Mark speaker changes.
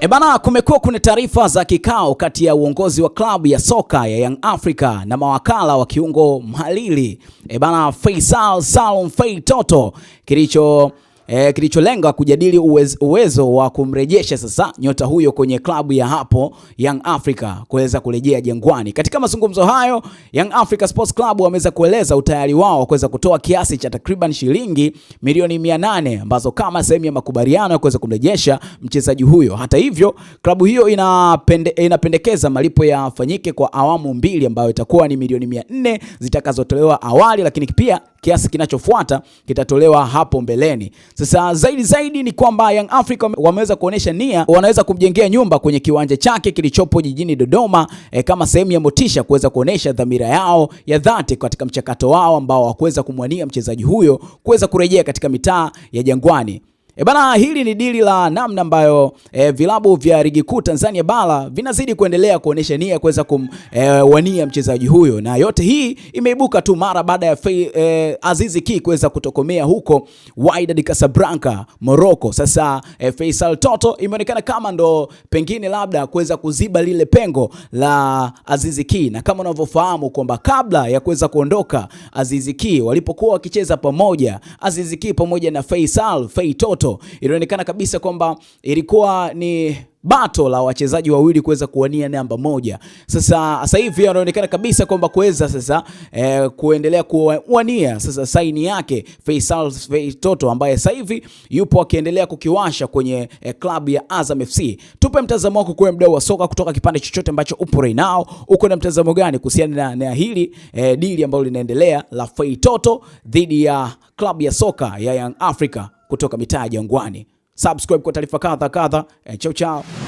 Speaker 1: Ebana, eh kumekuwa kuna taarifa za kikao kati ya uongozi wa klabu ya soka ya Young Africa na mawakala wa kiungo mhalili Ebana eh Faisal Salum Fei Toto kilicho e, kilicholenga kujadili uwezo, uwezo wa kumrejesha sasa nyota huyo kwenye klabu ya hapo Young Africa kuweza kurejea Jangwani. Katika mazungumzo hayo, Young Africa Sports Club wameweza kueleza utayari wao kuweza kutoa kiasi cha takriban shilingi milioni 800 ambazo kama sehemu ya makubaliano ya kuweza kumrejesha mchezaji huyo. Hata hivyo, klabu hiyo inapende, inapendekeza malipo yafanyike kwa awamu mbili ambayo itakuwa ni milioni 400 zitakazotolewa awali, lakini pia kiasi kinachofuata kitatolewa hapo mbeleni. Sasa zaidi zaidi ni kwamba Young Africa wameweza kuonesha nia, wanaweza kumjengea nyumba kwenye kiwanja chake kilichopo jijini Dodoma e, kama sehemu ya motisha kuweza kuonesha dhamira yao ya dhati katika mchakato wao ambao wakuweza kumwania mchezaji huyo kuweza kurejea katika mitaa ya Jangwani. E bana, hili ni dili la namna ambayo e, vilabu vya ligi kuu Tanzania bara vinazidi kuendelea kuonesha nia kuweza kumwania e, mchezaji huyo, na yote hii imeibuka tu mara baada ya e, Azizi Ki kuweza kutokomea huko Wydad Casablanca Morocco. Sasa e, Faisal Toto imeonekana kama ndo pengine labda kuweza kuziba lile pengo la Azizi Ki, na kama unavyofahamu kwamba kabla ya kuweza kuondoka Azizi Ki, walipokuwa wakicheza pamoja Azizi Ki pamoja na Faisal Fei Toto moto. Ilionekana kabisa kwamba ilikuwa ni bato la wachezaji wawili kuweza kuwania namba moja. Sasa sasa hivi anaonekana kabisa kwamba kuweza sasa e, kuendelea kuwania sasa saini yake Faisal Toto ambaye sasa hivi yupo akiendelea kukiwasha kwenye e, klabu ya Azam FC. Tupe mtazamo wako kwa mdau wa soka kutoka kipande chochote ambacho upo right now. Uko na mtazamo gani kuhusiana na, na hili e, dili ambalo linaendelea la Faisal Toto dhidi ya klabu ya soka ya Young Africa? kutoka mitaa ya Jangwani. Subscribe kwa taarifa kadha kadha. Eh, chao chao.